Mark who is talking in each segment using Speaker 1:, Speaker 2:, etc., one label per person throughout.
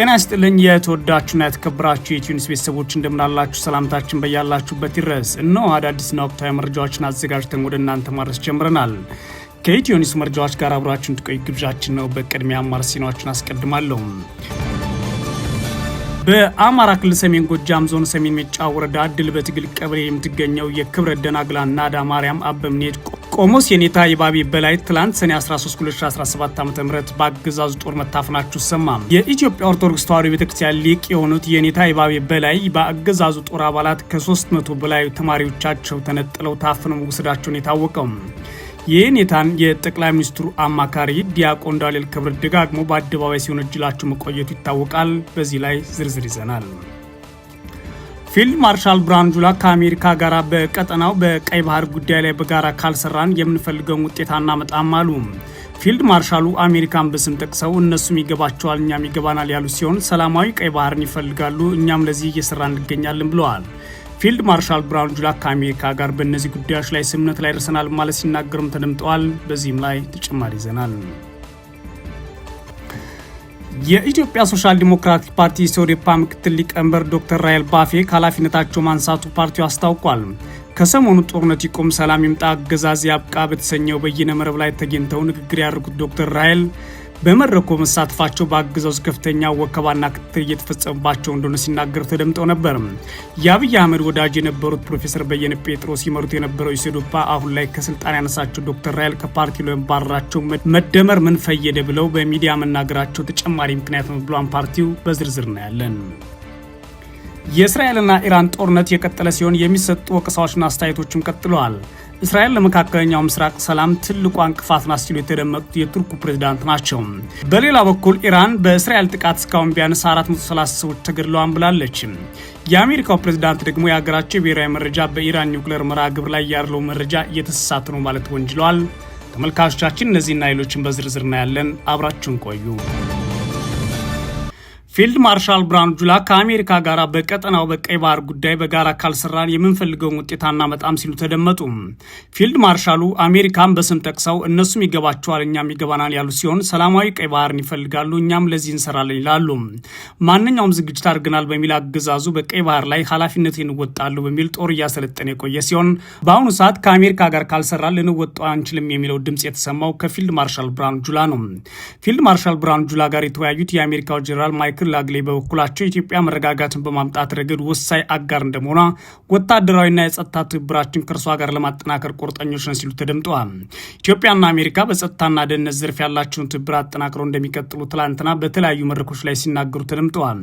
Speaker 1: ጤና ይስጥልኝ የተወዳችሁና የተከበራችሁ የኢትዮኒስ ቤተሰቦች እንደምናላችሁ ሰላምታችን በያላችሁበት ይድረስ። እነሆ አዳዲስና ወቅታዊ መረጃዎችን አዘጋጅተን ወደ እናንተ ማድረስ ጀምረናል። ከኢትዮኒስ መረጃዎች ጋር አብራችሁ እንድትቆዩ ግብዣችን ነው። በቅድሚያ አማር ዜናዎችን አስቀድማለሁ። በአማራ ክልል ሰሜን ጎጃም ዞን ሰሜን ሜጫ ወረዳ ድል በትግል ቀበሌ የምትገኘው የክብረ ደናግላ ናዳ ማርያም አበምኔት ቆሞስ የኔታ ይባቤ በላይ ትላንት ሰኔ 13 2017 ዓ ም በአገዛዙ ጦር መታፈናችሁ ሰማ። የኢትዮጵያ ኦርቶዶክስ ተዋሕዶ ቤተክርስቲያን ሊቅ የሆኑት የኔታ ይባቤ በላይ በአገዛዙ ጦር አባላት ከ300 በላይ ተማሪዎቻቸው ተነጥለው ታፍነው መውሰዳቸውን የታወቀው የኔታን የጠቅላይ ሚኒስትሩ አማካሪ ዲያቆን ዳንኤል ክብረት ደጋግሞ በአደባባይ ሲሆን እጅላቸው መቆየቱ ይታወቃል። በዚህ ላይ ዝርዝር ይዘናል። ፊልድ ማርሻል ብርሃኑ ጁላ ከአሜሪካ ጋር በቀጠናው በቀይ ባህር ጉዳይ ላይ በጋራ ካልሰራን የምንፈልገውን ውጤት አናመጣም አሉ። ፊልድ ማርሻሉ አሜሪካን በስም ጠቅሰው እነሱም ይገባቸዋል፣ እኛም ይገባናል ያሉ ሲሆን ሰላማዊ ቀይ ባህርን ይፈልጋሉ፣ እኛም ለዚህ እየሰራ እንገኛለን ብለዋል። ፊልድ ማርሻል ብርሃኑ ጁላ ከአሜሪካ ጋር በእነዚህ ጉዳዮች ላይ ስምምነት ላይ ደርሰናል ማለት ሲናገሩም ተደምጠዋል። በዚህም ላይ ተጨማሪ ይዘናል። የኢትዮጵያ ሶሻል ዲሞክራቲክ ፓርቲ የሶዴፓ ምክትል ሊቀመንበር ዶክተር ራይል ባፌ ከኃላፊነታቸው ማንሳቱ ፓርቲው አስታውቋል። ከሰሞኑ ጦርነት ይቁም፣ ሰላም ይምጣ፣ አገዛዝ ያብቃ በተሰኘው በይነ መረብ ላይ ተገኝተው ንግግር ያደርጉት ዶክተር ራይል በመድረኩ መሳተፋቸው በአገዛዙ ከፍተኛ ወከባና ክትትል እየተፈጸመባቸው እንደሆነ ሲናገር ተደምጠው ነበር። የአብይ አህመድ ወዳጅ የነበሩት ፕሮፌሰር በየነ ጴጥሮስ ሲመሩት የነበረው ኢሴዶፓ አሁን ላይ ከስልጣን ያነሳቸው ዶክተር ራይል ከፓርቲ ለመባረራቸው መደመር ምን ፈየደ ብለው በሚዲያ መናገራቸው ተጨማሪ ምክንያት ነው ብሏን ፓርቲው በዝርዝር እናያለን። የእስራኤልና ኢራን ጦርነት የቀጠለ ሲሆን የሚሰጡ ወቀሳዎችና አስተያየቶችም ቀጥለዋል። እስራኤል ለመካከለኛው ምስራቅ ሰላም ትልቋ እንቅፋት ናት ሲሉ የተደመጡት የቱርኩ ፕሬዚዳንት ናቸው። በሌላ በኩል ኢራን በእስራኤል ጥቃት እስካሁን ቢያንስ 430 ሰዎች ተገድለዋን ብላለች። የአሜሪካው ፕሬዚዳንት ደግሞ የሀገራቸው የብሔራዊ መረጃ በኢራን ኒውክሌር መርሃ ግብር ላይ ያለው መረጃ እየተሳሳተ ነው ማለት ወንጅለዋል። ተመልካቾቻችን እነዚህና ሌሎችን በዝርዝር እናያለን። አብራችሁን ቆዩ። ፊልድ ማርሻል ብርሃኑ ጁላ ከአሜሪካ ጋር በቀጠናው በቀይ ባህር ጉዳይ በጋራ ካልሰራን የምንፈልገውን ውጤት አናመጣም ሲሉ ተደመጡ። ፊልድ ማርሻሉ አሜሪካን በስም ጠቅሰው እነሱም ይገባቸዋል፣ እኛም ይገባናል ያሉ ሲሆን ሰላማዊ ቀይ ባህርን ይፈልጋሉ፣ እኛም ለዚህ እንሰራለን ይላሉ። ማንኛውም ዝግጅት አድርገናል በሚል አገዛዙ በቀይ ባህር ላይ ኃላፊነት ይንወጣሉ በሚል ጦር እያሰለጠነ የቆየ ሲሆን በአሁኑ ሰዓት ከአሜሪካ ጋር ካልሰራን ልንወጣው አንችልም የሚለው ድምፅ የተሰማው ከፊልድ ማርሻል ብርሃኑ ጁላ ነው። ፊልድ ማርሻል ብርሃኑ ጁላ ጋር የተወያዩት የአሜሪካው ጀኔራል ማይክል ላግሌ በበኩላቸው ኢትዮጵያ መረጋጋትን በማምጣት ረገድ ወሳኝ አጋር እንደመሆኗ ወታደራዊና የጸጥታ ትብብራችን ከእርሷ ጋር ለማጠናከር ቁርጠኞች ነን ሲሉ ተደምጠዋል። ኢትዮጵያና አሜሪካ በጸጥታና ደህንነት ዘርፍ ያላቸውን ትብብር አጠናክረው እንደሚቀጥሉ ትላንትና በተለያዩ መድረኮች ላይ ሲናገሩ ተደምጠዋል።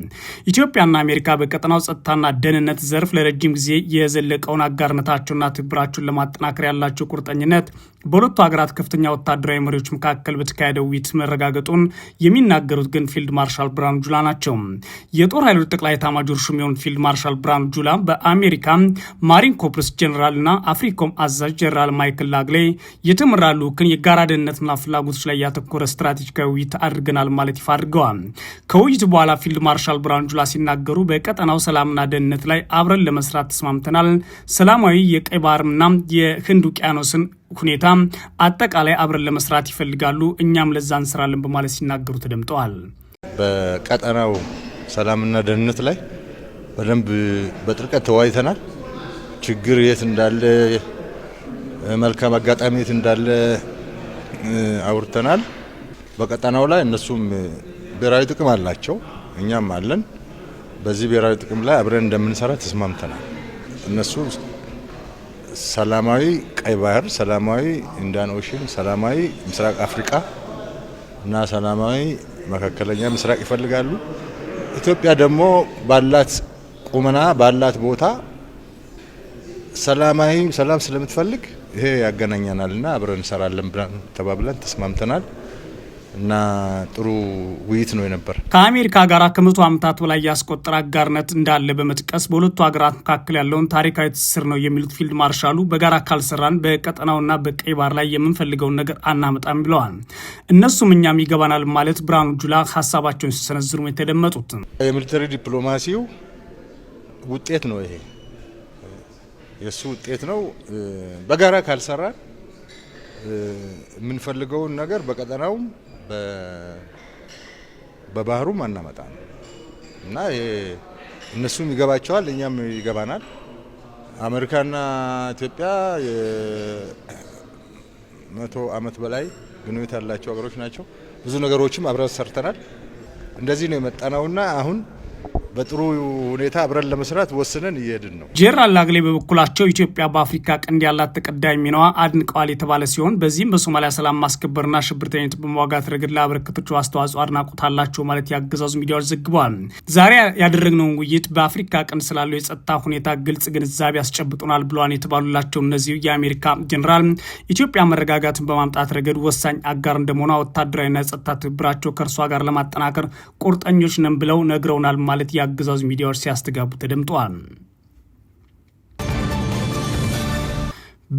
Speaker 1: ኢትዮጵያና አሜሪካ በቀጠናው ጸጥታና ደህንነት ዘርፍ ለረጅም ጊዜ የዘለቀውን አጋርነታቸውና ትብብራቸውን ለማጠናከር ያላቸው ቁርጠኝነት በሁለቱ ሀገራት ከፍተኛ ወታደራዊ መሪዎች መካከል በተካሄደው ውይይት መረጋገጡን የሚናገሩት ግን ፊልድ ማርሻል ብርሃኑ ጁላ ናቸው። የጦር ኃይሎች ጠቅላይ ኤታማዦር ሹም የሆኑት ፊልድ ማርሻል ብርሃኑ ጁላ በአሜሪካ ማሪን ኮርፕስ ጀኔራልና አፍሪኮም አዛዥ ጀኔራል ማይክል ላግሌ የተመራ ልዑክን የጋራ ደህንነትና ፍላጎቶች ላይ ያተኮረ ስትራቴጂካዊ ውይይት አድርገናል ማለት ይፋ አድርገዋል። ከውይይቱ በኋላ ፊልድ ማርሻል ብርሃኑ ጁላ ሲናገሩ በቀጠናው ሰላምና ደህንነት ላይ አብረን ለመስራት ተስማምተናል። ሰላማዊ የቀይ ባህርና የህንድ ውቅያኖስን ሁኔታ አጠቃላይ አብረን ለመስራት ይፈልጋሉ። እኛም ለዛ እንስራለን በማለት ሲናገሩ ተደምጠዋል።
Speaker 2: በቀጠናው ሰላምና ደህንነት ላይ በደንብ በጥልቀት ተወያይተናል። ችግር የት እንዳለ፣ መልካም አጋጣሚ የት እንዳለ አውርተናል። በቀጠናው ላይ እነሱም ብሔራዊ ጥቅም አላቸው፣ እኛም አለን። በዚህ ብሔራዊ ጥቅም ላይ አብረን እንደምንሰራ ተስማምተናል። እነሱ ሰላማዊ ቀይ ባህር፣ ሰላማዊ ኢንዲያን ኦሽን፣ ሰላማዊ ምስራቅ አፍሪካ እና ሰላማዊ መካከለኛ ምስራቅ ይፈልጋሉ። ኢትዮጵያ ደግሞ ባላት ቁመና ባላት ቦታ ሰላማዊ ሰላም ስለምትፈልግ ይሄ እና አብረን እንሰራለን ብለን ተባብለን ተስማምተናል። እና ጥሩ ውይይት ነው የነበር።
Speaker 1: ከአሜሪካ ጋር ከመቶ ዓመታት በላይ ያስቆጠረ አጋርነት እንዳለ በመጥቀስ በሁለቱ ሀገራት መካከል ያለውን ታሪካዊ ትስስር ነው የሚሉት ፊልድ ማርሻሉ በጋራ ካልሰራን በቀጠናውና በቀይ ባህር ላይ የምንፈልገውን ነገር አናመጣም ብለዋል። እነሱም እኛም ይገባናል ማለት ብርሃኑ ጁላ ሀሳባቸውን ሲሰነዝሩ የተደመጡት
Speaker 2: የሚሊተሪ ዲፕሎማሲው ውጤት ነው። ይሄ የእሱ ውጤት ነው። በጋራ ካልሰራን የምንፈልገውን ነገር በቀጠናውም በባህሩም አናመጣ ነው እና እነሱም ይገባቸዋል፣ እኛም ይገባናል። አሜሪካና ኢትዮጵያ የመቶ ዓመት በላይ ግንኙነት ያላቸው ሀገሮች ናቸው። ብዙ ነገሮችም አብረን ሰርተናል። እንደዚህ ነው ነውና አሁን በጥሩ ሁኔታ አብረን ለመስራት ወስነን እየሄድን ነው።
Speaker 1: ጄኔራል ላግሌ በበኩላቸው ኢትዮጵያ በአፍሪካ ቀንድ ያላት ተቀዳሚ ሚናዋ አድንቀዋል የተባለ ሲሆን በዚህም በሶማሊያ ሰላም ማስከበርና ሽብርተኝነት በመዋጋት ረገድ ላበረከተችው አስተዋጽኦ አድናቆት አላቸው ማለት የአገዛዙ ሚዲያዎች ዘግበዋል። ዛሬ ያደረግነውን ውይይት በአፍሪካ ቀንድ ስላለው የጸጥታ ሁኔታ ግልጽ ግንዛቤ ያስጨብጡናል ብለዋል የተባሉላቸው እነዚህ የአሜሪካ ጄኔራል ኢትዮጵያ መረጋጋትን በማምጣት ረገድ ወሳኝ አጋር እንደመሆኗ ወታደራዊና የጸጥታ ትብብራቸው ከእርሷ ጋር ለማጠናከር ቁርጠኞች ነን ብለው ነግረውናል ማለት ያ የአገዛዙ ሚዲያዎች ሲያስተጋቡ ተደምጠዋል።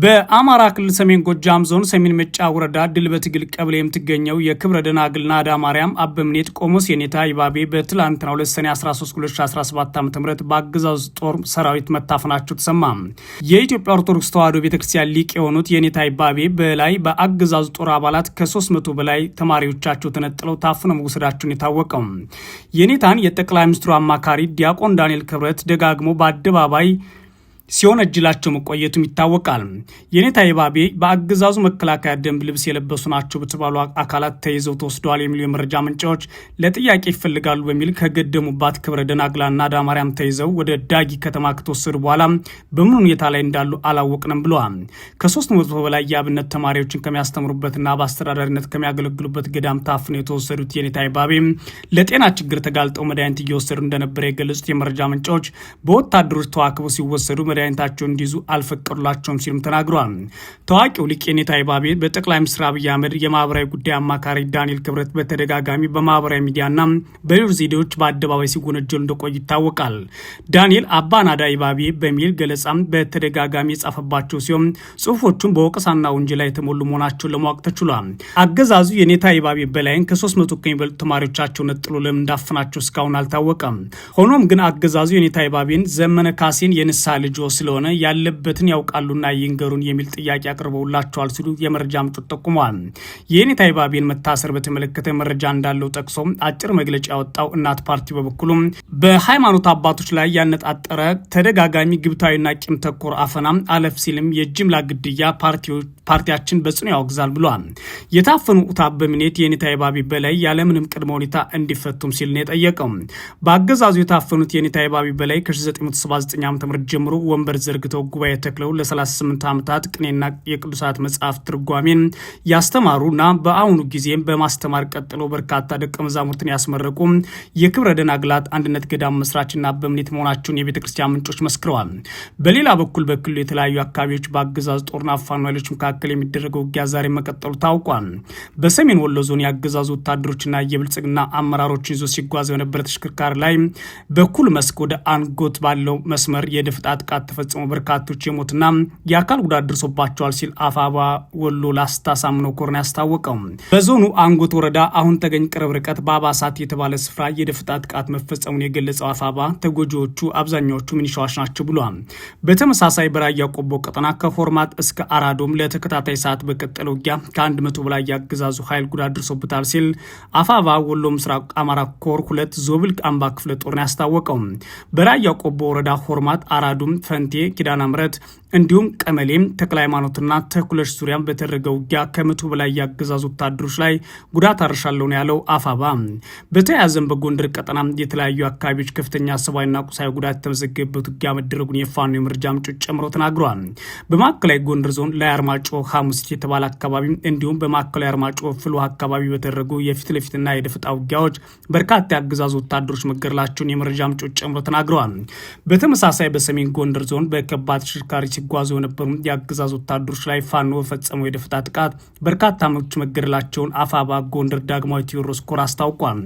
Speaker 1: በአማራ ክልል ሰሜን ጎጃም ዞን ሰሜን መጫ ወረዳ ድል በትግል ቀበሌ የምትገኘው የክብረ ደናግል ናዳ ማርያም አበምኔት ቆሞስ የኔታ ይባቤ በትላንትና ሁለት ሰኔ 13 2017 ዓ ም በአገዛዙ ጦር ሰራዊት መታፈናቸው ተሰማ። የኢትዮጵያ ኦርቶዶክስ ተዋሕዶ ቤተክርስቲያን ሊቅ የሆኑት የኔታ ይባቤ በላይ በአገዛዙ ጦር አባላት ከ300 በላይ ተማሪዎቻቸው ተነጥለው ታፍነው መውሰዳቸውን የታወቀው የኔታን የጠቅላይ ሚኒስትሩ አማካሪ ዲያቆን ዳንኤል ክብረት ደጋግሞ በአደባባይ ሲሆን እጅላቸው መቆየቱም ይታወቃል። የኔታ ይባቤ በአገዛዙ መከላከያ ደንብ ልብስ የለበሱ ናቸው በተባሉ አካላት ተይዘው ተወስደዋል የሚሉ የመረጃ ምንጫዎች ለጥያቄ ይፈልጋሉ በሚል ከገደሙባት ክብረ ደናግላና ዳማርያም ተይዘው ወደ ዳጊ ከተማ ከተወሰዱ በኋላ በምን ሁኔታ ላይ እንዳሉ አላወቅንም ብለዋል። ከሶስት መቶ በላይ የአብነት ተማሪዎችን ከሚያስተምሩበትና በአስተዳዳሪነት ከሚያገለግሉበት ገዳም ታፍነው የተወሰዱት የኔታ ይባቤ ለጤና ችግር ተጋልጠው መድኃኒት እየወሰዱ እንደነበረ የገለጹት የመረጃ ምንጫዎች በወታደሮች ተዋክበው ሲወሰዱ መድኃኒታቸውን እንዲይዙ አልፈቀዱላቸውም ሲሉም ተናግረዋል። ታዋቂው ሊቅ የኔታ ይባቤ በጠቅላይ ሚኒስትር አብይ አህመድ የማህበራዊ ጉዳይ አማካሪ ዳንኤል ክብረት በተደጋጋሚ በማህበራዊ ሚዲያና በሌሎች ዜዴዎች በአደባባይ ሲጎነጀሉ እንደቆዩ ይታወቃል። ዳንኤል አባናዳ ይባቤ በሚል ገለጻም በተደጋጋሚ የጻፈባቸው ሲሆን ጽሁፎቹም በወቀሳና ውንጀላ የተሞሉ መሆናቸውን ለማወቅ ተችሏል። አገዛዙ የኔታ ይባቤ በላይን ከሶስት መቶ ከሚበልጡ ተማሪዎቻቸው ነጥሎ ለምን እንዳፈናቸው እስካሁን አልታወቀም። ሆኖም ግን አገዛዙ የኔታ ይባቤን ዘመነ ካሴን የንሳ ልጅ ስለሆነ ያለበትን ያውቃሉና ይንገሩን የሚል ጥያቄ አቅርበውላቸዋል ሲሉ የመረጃ ምንጮች ጠቁመዋል። የኔታ ይባቤን መታሰር በተመለከተ መረጃ እንዳለው ጠቅሶ አጭር መግለጫ ያወጣው እናት ፓርቲ በበኩሉም በሃይማኖት አባቶች ላይ ያነጣጠረ ተደጋጋሚ ግብታዊና ቂም ተኮር አፈና አለፍ ሲልም የጅምላ ግድያ ፓርቲያችን በጽኑ ያወግዛል ብሏል። የታፈኑ ታበ ምኔት የኔታ ይባቤ በላይ ያለምንም ቅድመ ሁኔታ እንዲፈቱም ሲል ነው የጠየቀው። በአገዛዙ የታፈኑት የኔታ ይባቤ በላይ ከ1979 ዓ ም ጀምሮ ወንበር ዘርግተው ጉባኤ ተክለው ለ38 ዓመታት ቅኔና የቅዱሳት መጽሐፍ ትርጓሜን ያስተማሩና በአሁኑ ጊዜም በማስተማር ቀጥለው በርካታ ደቀ መዛሙርትን ያስመረቁ የክብረ ደናግላት አንድነት ገዳም መስራችና በምኔት መሆናቸውን የቤተ ክርስቲያን ምንጮች መስክረዋል። በሌላ በኩል በክልሉ የተለያዩ አካባቢዎች በአገዛዝ ጦርና ፋኖ ኃይሎች መካከል የሚደረገው ውጊያ ዛሬ መቀጠሉ ታውቋል። በሰሜን ወሎ ዞን የአገዛዙ ወታደሮችና የብልጽግና አመራሮችን ይዞ ሲጓዝ በነበረ ተሽከርካሪ ላይ በኩል መስክ ወደ አንጎት ባለው መስመር የደፈጣ ጥቃት ተፈጽሞ በርካቶች የሞትና የአካል ጉዳት ደርሶባቸዋል ሲል አፋባ ወሎ ላስታ ሳምኖ ኮርን ያስታወቀው በዞኑ አንጎት ወረዳ አሁን ተገኝ ቅርብ ርቀት በአባሳት የተባለ ስፍራ የደፍጣ ጥቃት መፈጸሙን የገለጸው አፋባ ተጎጂዎቹ አብዛኛዎቹ ሚኒሻዎች ናቸው ብሏል። በተመሳሳይ በራያ ቆቦ ቀጠና ከሆርማት እስከ አራዶም ለተከታታይ ሰዓት በቀጠለ ውጊያ ከአንድ መቶ በላይ ያገዛዙ ኃይል ጉዳት ደርሶበታል ሲል አፋባ ወሎ ምስራቅ አማራ ኮር ሁለት ዞብል ቃምባ ክፍለ ጦርን ያስታወቀው በራያ ቆቦ ወረዳ ሆርማት አራዱም ፈንቴ ኪዳነ ምረት እንዲሁም ቀመሌም ተክለ ሃይማኖትና ተኩለሽ ዙሪያም በተደረገ ውጊያ ከመቶ በላይ የአገዛዝ ወታደሮች ላይ ጉዳት አርሻለሁ ነው ያለው አፋባ። በተያያዘም በጎንደር ቀጠና የተለያዩ አካባቢዎች ከፍተኛ ሰብአዊና ቁሳዊ ጉዳት የተመዘገበበት ውጊያ መደረጉን የፋኖ የመረጃ ምንጮች ጨምሮ ተናግረዋል። በማዕከላዊ ጎንደር ዞን ላይ አርማጮ ሐሙሲት የተባለ አካባቢ እንዲሁም በማዕከላዊ አርማጮ ፍልውሃ አካባቢ በተደረጉ የፊት ለፊትና የደፈጣ ውጊያዎች በርካታ የአገዛዝ ወታደሮች መገደላቸውን የመረጃ ምንጮች ጨምሮ ተናግረዋል። በተመሳሳይ በሰሜን ጎንደር ዞን በከባድ ተሽከርካሪ ሲጓዙ የነበሩ የአገዛዝ ወታደሮች ላይ ፋኖ በፈጸመው የደፈጣ ጥቃት በርካታ መች መገደላቸውን አፋባ ጎንደር ዳግማዊ ቴዎድሮስ ኮር አስታውቋል።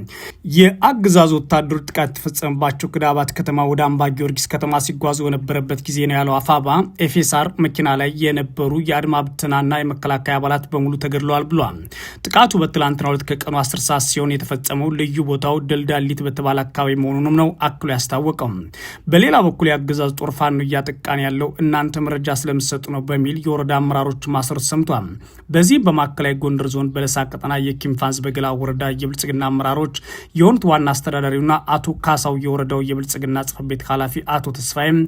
Speaker 1: የአገዛዝ ወታደሮች ጥቃት የተፈጸመባቸው ክዳባት ከተማ ወደ አምባ ጊዮርጊስ ከተማ ሲጓዙ በነበረበት ጊዜ ነው ያለው አፋባ ኤፌሳር መኪና ላይ የነበሩ የአድማ ብተናና የመከላከያ አባላት በሙሉ ተገድለዋል ብሏል። ጥቃቱ በትላንትና ሁለት ከቀኑ አስር ሰዓት ሲሆን የተፈጸመው ልዩ ቦታው ደልዳሊት በተባለ አካባቢ መሆኑንም ነው አክሎ ያስታወቀው። በሌላ በኩል የአገዛዝ ጦር ፋኖ እያጠቃን ያለው እናንተ መረጃ ስለምሰጡ ነው በሚል የወረዳ አመራሮች ማሰሩት ሰምቷል። በዚህ በማዕከላዊ ጎንደር ዞን በለሳ ቀጠና በገላ ወረዳ የብልጽግና አመራሮች የሆኑት ዋና አስተዳዳሪውና አቶ ካሳው የወረዳው የብልጽግና ጽፈት ቤት ኃላፊ አቶ ተስፋይም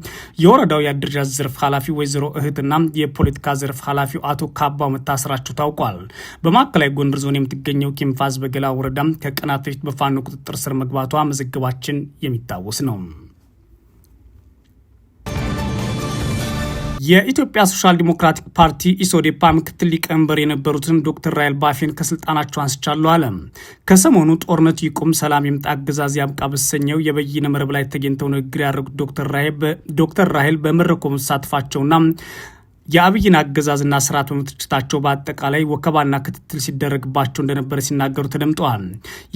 Speaker 1: የወረዳው የአደረጃጀት ዘርፍ ኃላፊ ወይዘሮ እህትና የፖለቲካ ዘርፍ ኃላፊው አቶ ካባው መታሰራቸው ታውቋል። በማዕከላዊ ጎንደር ዞን የምትገኘው ኪንፋንስ በገላ ወረዳ ከቀናት በፊት በፋኖ ቁጥጥር ስር መግባቷ መዘገባችን የሚታወስ ነው። የኢትዮጵያ ሶሻል ዲሞክራቲክ ፓርቲ ኢሶዴፓ ምክትል ሊቀመንበር የነበሩትን ዶክተር ራይል ባፌን ከስልጣናቸው አንስቻለሁ አለ። ከሰሞኑ ጦርነት ይቁም፣ ሰላም ይምጣ፣ አገዛዝ ያብቃ በሰኘው የበይነ መረብ ላይ ተገኝተው ንግግር ያደረጉት ዶክተር ራይል በመድረኩ መሳተፋቸውና የአብይን አገዛዝና ስርዓት በመተቸታቸው በአጠቃላይ ወከባና ክትትል ሲደረግባቸው እንደነበረ ሲናገሩ ተደምጠዋል።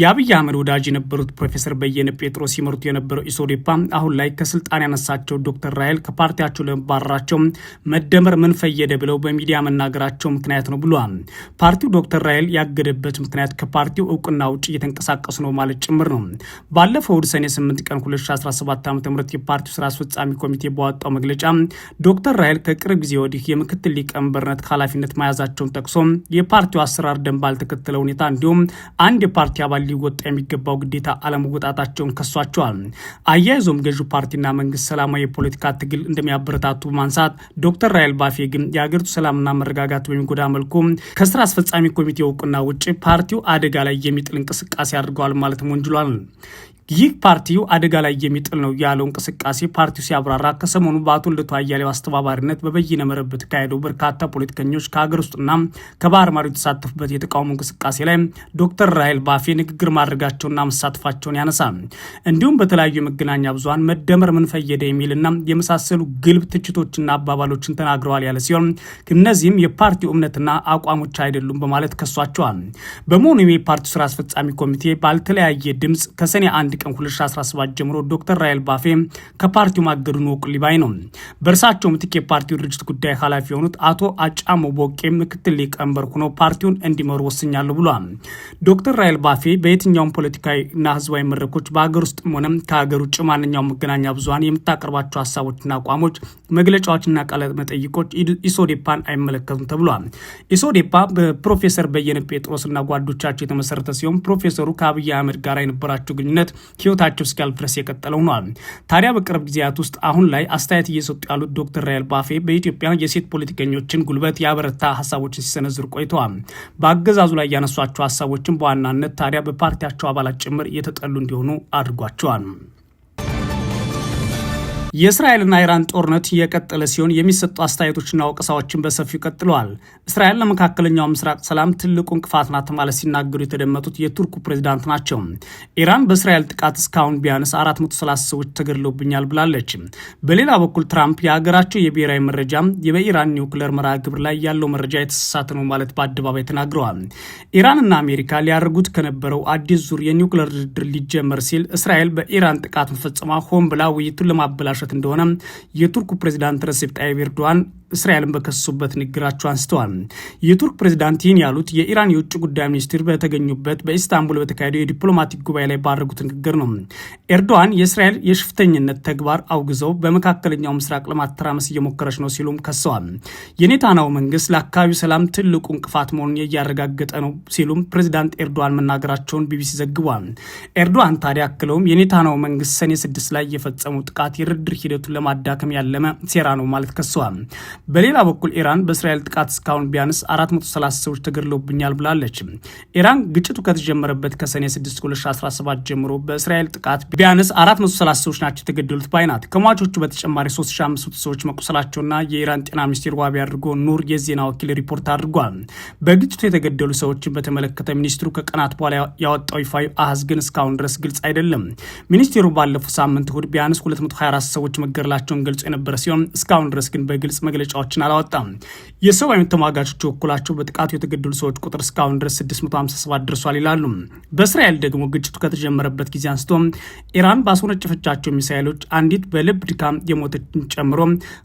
Speaker 1: የአብይ አህመድ ወዳጅ የነበሩት ፕሮፌሰር በየነ ጴጥሮስ ሲመሩት የነበረው ኢሶዴፓ አሁን ላይ ከስልጣን ያነሳቸው ዶክተር ራይል ከፓርቲያቸው ለመባረራቸው መደመር ምን ፈየደ ብለው በሚዲያ መናገራቸው ምክንያት ነው ብሏል። ፓርቲው ዶክተር ራይል ያገደበት ምክንያት ከፓርቲው እውቅና ውጭ እየተንቀሳቀሱ ነው ማለት ጭምር ነው። ባለፈው እሁድ ሰኔ 8 ቀን 2017 ዓ ም የፓርቲው ስራ አስፈጻሚ ኮሚቴ ባወጣው መግለጫ ዶክተር ራይል ከቅርብ ጊዜ ወዲህ ወዲህ የምክትል ሊቀመንበርነት ኃላፊነት መያዛቸውን ጠቅሶ የፓርቲው አሰራር ደንብ ባልተከተለ ሁኔታ እንዲሁም አንድ የፓርቲ አባል ሊወጣ የሚገባው ግዴታ አለመወጣታቸውን ከሷቸዋል። አያይዞም ገዢው ፓርቲና መንግስት ሰላማዊ የፖለቲካ ትግል እንደሚያበረታቱ በማንሳት ዶክተር ራይል ባፌ ግን የሀገሪቱ ሰላምና መረጋጋት በሚጎዳ መልኩ ከስራ አስፈጻሚ ኮሚቴ እውቅና ውጭ ፓርቲው አደጋ ላይ የሚጥል እንቅስቃሴ አድርገዋል ማለትም ወንጅሏል። ይህ ፓርቲው አደጋ ላይ የሚጥል ነው ያለው እንቅስቃሴ ፓርቲው ሲያብራራ ከሰሞኑ በአቶ ልደቱ አያሌው አስተባባሪነት በበይነ መረብ በተካሄደው በርካታ ፖለቲከኞች ከሀገር ውስጥና ከባህር ማዶ የተሳተፉበት የተቃውሞ እንቅስቃሴ ላይ ዶክተር ራሄል ባፌ ንግግር ማድረጋቸውና መሳተፋቸውን ያነሳ እንዲሁም በተለያዩ የመገናኛ ብዙሀን መደመር ምንፈየደ የሚልና የመሳሰሉ ግልብ ትችቶችና አባባሎችን ተናግረዋል ያለ ሲሆን እነዚህም የፓርቲው እምነትና አቋሞች አይደሉም በማለት ከሷቸዋል። በመሆኑም የፓርቲው ስራ አስፈጻሚ ኮሚቴ ባልተለያየ ድምፅ ከሰኔ አንድ ቀን 2017 ጀምሮ ዶክተር ራይል ባፌ ከፓርቲው ማገዱን ወቁል ሊባይ ነው። በእርሳቸው ምትክ የፓርቲው ድርጅት ጉዳይ ኃላፊ የሆኑት አቶ አጫሞ ቦቄ ምክትል ሊቀመንበር ሆነው ፓርቲውን እንዲመሩ ወስኛሉ ብሏል። ዶክተር ራይል ባፌ በየትኛውም ፖለቲካዊና ህዝባዊ መድረኮች በሀገር ውስጥም ሆነ ከሀገር ውጭ ማንኛውም መገናኛ ብዙሀን የምታቀርባቸው ሀሳቦችና አቋሞች፣ መግለጫዎችና ቃለ መጠይቆች ኢሶዴፓን አይመለከቱም ተብሏል። ኢሶዴፓ በፕሮፌሰር በየነ ጴጥሮስና ጓዶቻቸው የተመሰረተ ሲሆን ፕሮፌሰሩ ከአብይ አህመድ ጋር የነበራቸው ግንኙነት ህይወታቸው እስኪያልፍ ድረስ የቀጠለው ነዋል። ታዲያ በቅርብ ጊዜያት ውስጥ አሁን ላይ አስተያየት እየሰጡ ያሉት ዶክተር ራይል ባፌ በኢትዮጵያ የሴት ፖለቲከኞችን ጉልበት ያበረታ ሀሳቦችን ሲሰነዝሩ ቆይተዋል። በአገዛዙ ላይ ያነሷቸው ሀሳቦችን በዋናነት ታዲያ በፓርቲያቸው አባላት ጭምር የተጠሉ እንዲሆኑ አድርጓቸዋል። የእስራኤልና ኢራን ጦርነት እየቀጠለ ሲሆን የሚሰጡ አስተያየቶችና ወቀሳዎችን በሰፊው ቀጥለዋል። እስራኤል ለመካከለኛው ምስራቅ ሰላም ትልቁ እንቅፋት ናት ማለት ሲናገሩ የተደመጡት የቱርኩ ፕሬዚዳንት ናቸው። ኢራን በእስራኤል ጥቃት እስካሁን ቢያንስ 430 ሰዎች ተገድለውብኛል ብላለች። በሌላ በኩል ትራምፕ የሀገራቸው የብሔራዊ መረጃ በኢራን ኒውክለር መርሃ ግብር ላይ ያለው መረጃ የተሳሳተ ነው ማለት በአደባባይ ተናግረዋል። ኢራንና አሜሪካ ሊያደርጉት ከነበረው አዲስ ዙር የኒውክለር ድርድር ሊጀመር ሲል እስራኤል በኢራን ጥቃት መፈጸሟ ሆን ብላ ውይይቱን ለማበላሸት የሚያደርሱበት እንደሆነ የቱርኩ ፕሬዚዳንት ረሲፕ ጣይብ ኤርዶዋን እስራኤልን በከሰሱበት ንግግራቸው አንስተዋል። የቱርክ ፕሬዚዳንት ይህን ያሉት የኢራን የውጭ ጉዳይ ሚኒስትር በተገኙበት በኢስታንቡል በተካሄደው የዲፕሎማቲክ ጉባኤ ላይ ባደረጉት ንግግር ነው። ኤርዶዋን የእስራኤል የሽፍተኝነት ተግባር አውግዘው በመካከለኛው ምስራቅ ለማተራመስ እየሞከረች ነው ሲሉም ከሰዋል። የኔታናው መንግስት ለአካባቢው ሰላም ትልቁ እንቅፋት መሆኑን እያረጋገጠ ነው ሲሉም ፕሬዚዳንት ኤርዶዋን መናገራቸውን ቢቢሲ ዘግቧል። ኤርዶዋን ታዲያ አክለውም የኔታናው መንግስት ሰኔ ስድስት ላይ የፈጸመው ጥቃት የድርድር ሂደቱን ለማዳከም ያለመ ሴራ ነው ማለት ከሰዋል። በሌላ በኩል ኢራን በእስራኤል ጥቃት እስካሁን ቢያንስ 430 ሰዎች ተገድለውብኛል ብላለች። ኢራን ግጭቱ ከተጀመረበት ከሰኔ 6 2017 ጀምሮ በእስራኤል ጥቃት ቢያንስ 430 ሰዎች ናቸው የተገደሉት ባይናት። ከሟቾቹ በተጨማሪ 3500 ሰዎች መቁሰላቸውና የኢራን ጤና ሚኒስቴር ዋቢ አድርጎ ኑር የዜና ወኪል ሪፖርት አድርጓል። በግጭቱ የተገደሉ ሰዎችን በተመለከተ ሚኒስትሩ ከቀናት በኋላ ያወጣው ይፋዊ አሃዝ ግን እስካሁን ድረስ ግልጽ አይደለም። ሚኒስቴሩ ባለፈው ሳምንት እሁድ ቢያንስ 224 ሰዎች መገደላቸውን ገልጾ የነበረ ሲሆን እስካሁን ድረስ ግን በግልጽ መግለጫ መግለጫዎችን አላወጣም። የሰብአዊ መብት ተሟጋቾች በበኩላቸው በጥቃቱ የተገደሉ ሰዎች ቁጥር እስካሁን ድረስ 657 ደርሷል ይላሉ። በእስራኤል ደግሞ ግጭቱ ከተጀመረበት ጊዜ አንስቶ ኢራን ባስወነጨፈቻቸው ሚሳይሎች አንዲት በልብ ድካም የሞተችን ጨምሮ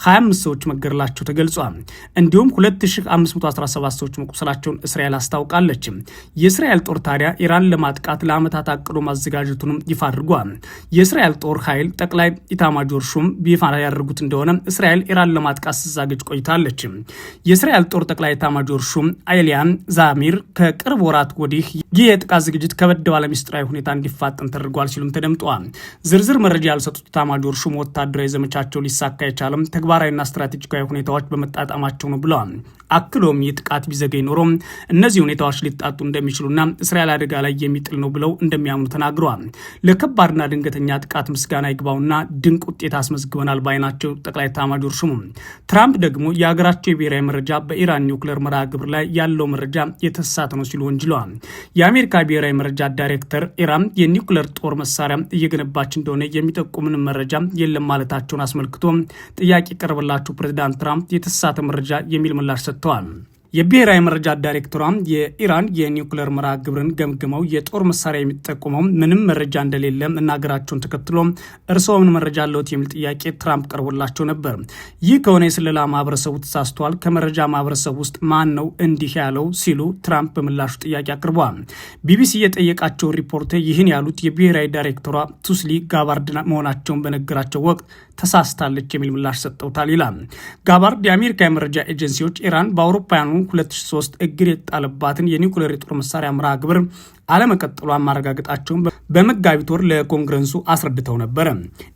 Speaker 1: 25 ሰዎች መገደላቸው ተገልጿል። እንዲሁም 2517 ሰዎች መቁሰላቸውን እስራኤል አስታውቃለች። የእስራኤል ጦር ታዲያ ኢራን ለማጥቃት ለዓመታት አቅዶ ማዘጋጀቱንም ይፋ አድርጓል። የእስራኤል ጦር ኃይል ጠቅላይ ኢታማጆር ሹም ይፋ ያደርጉት እንደሆነ እስራኤል ኢራን ለማጥቃት ስዛገ ስትገልጽ ቆይታለች። የእስራኤል ጦር ጠቅላይ ኤታማዦር ሹም አይሊያን ዛሚር ከቅርብ ወራት ወዲህ ይህ የጥቃት ዝግጅት ከበድ ባለ ሁኔታ እንዲፋጠን ተደርጓል ሲሉም ተደምጠዋል። ዝርዝር መረጃ ያልሰጡት ኤታማዦር ሹም ወታደራዊ ዘመቻቸው ሊሳካ የቻለም ተግባራዊና ስትራቴጂካዊ ሁኔታዎች በመጣጣማቸው ነው ብለዋል። አክሎም ይህ ጥቃት ኖሮ እነዚህ ሁኔታዎች ሊጣጡ እንደሚችሉና እስራኤል አደጋ ላይ የሚጥል ነው ብለው እንደሚያምኑ ተናግረዋል። ለከባድና ድንገተኛ ጥቃት ምስጋና ይግባውና ድንቅ ውጤት አስመዝግበናል ባይናቸው ጠቅላይ ኤታማዦር ሹሙ። ትራምፕ ደግሞ የሀገራቸው የብሔራዊ መረጃ በኢራን ኒውክሌር መርሃ ግብር ላይ ያለው መረጃ የተሳሳተ ነው ሲሉ ወንጅለዋል። የአሜሪካ ብሔራዊ መረጃ ዳይሬክተር ኢራን የኒውክሌር ጦር መሳሪያ እየገነባች እንደሆነ የሚጠቁምን መረጃ የለም ማለታቸውን አስመልክቶ ጥያቄ ቀረበላቸው ፕሬዚዳንት ትራምፕ የተሳሳተ መረጃ የሚል ምላሽ ሰጥተዋል። የብሔራዊ መረጃ ዳይሬክተሯም የኢራን የኒውክሌር መርሃ ግብርን ገምግመው የጦር መሳሪያ የሚጠቁመው ምንም መረጃ እንደሌለ መናገራቸውን ተከትሎ እርስዎ ምን መረጃ አለዎት የሚል ጥያቄ ትራምፕ ቀርቦላቸው ነበር። ይህ ከሆነ የስለላ ማህበረሰቡ ተሳስቷል፣ ከመረጃ ማህበረሰብ ውስጥ ማን ነው እንዲህ ያለው ሲሉ ትራምፕ በምላሹ ጥያቄ አቅርበዋል። ቢቢሲ የጠየቃቸው ሪፖርተር ይህን ያሉት የብሔራዊ ዳይሬክተሯ ቱስሊ ጋባርድ መሆናቸውን በነገራቸው ወቅት ተሳስታለች የሚል ምላሽ ሰጥተውታል ይላል ጋባርድ። የአሜሪካ የመረጃ ኤጀንሲዎች ኢራን በአውሮፓውያኑ 2003 እግር የጣለባትን የኒውክሌር የጦር መሳሪያ መርሃ ግብር አለመቀጠሏን ማረጋገጣቸውን በመጋቢት ወር ለኮንግረሱ አስረድተው ነበረ።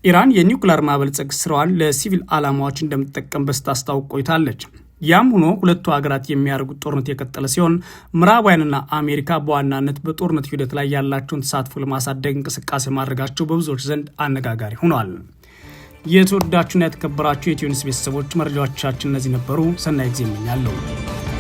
Speaker 1: ኢራን የኒውክሌር ማበልጸግ ስራዋን ለሲቪል ዓላማዎች እንደምትጠቀምበት ስታስታውቅ ቆይታለች። ያም ሆኖ ሁለቱ ሀገራት የሚያደርጉት ጦርነት የቀጠለ ሲሆን ምዕራባውያንና አሜሪካ በዋናነት በጦርነት ሂደት ላይ ያላቸውን ተሳትፎ ለማሳደግ እንቅስቃሴ ማድረጋቸው በብዙዎች ዘንድ አነጋጋሪ ሆኗል። የተወዳችሁና የተከበራችሁ የኢትዮ ኒውስ ቤተሰቦች መረጃዎቻችን እነዚህ ነበሩ። ሰናይ ጊዜ እመኛለሁ።